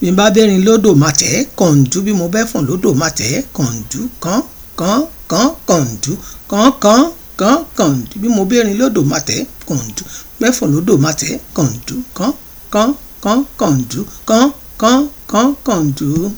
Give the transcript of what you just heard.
bí n bá bẹ́rin lódò má tẹ̀ kọ̀ǹdú bí mo bẹ́ fọ̀n lódò má tẹ̀ kọ̀ǹdú kán kán kán kọ̀ǹdú kán kán kán kọ̀ǹdú bí mo bẹ́rin lódò má tẹ̀ kọ̀ǹdú bẹ́ fọ̀n lódò má tẹ̀ kọ̀ǹdú kán kán kán kọ̀ǹdú kán kán kán kọ̀ǹdú.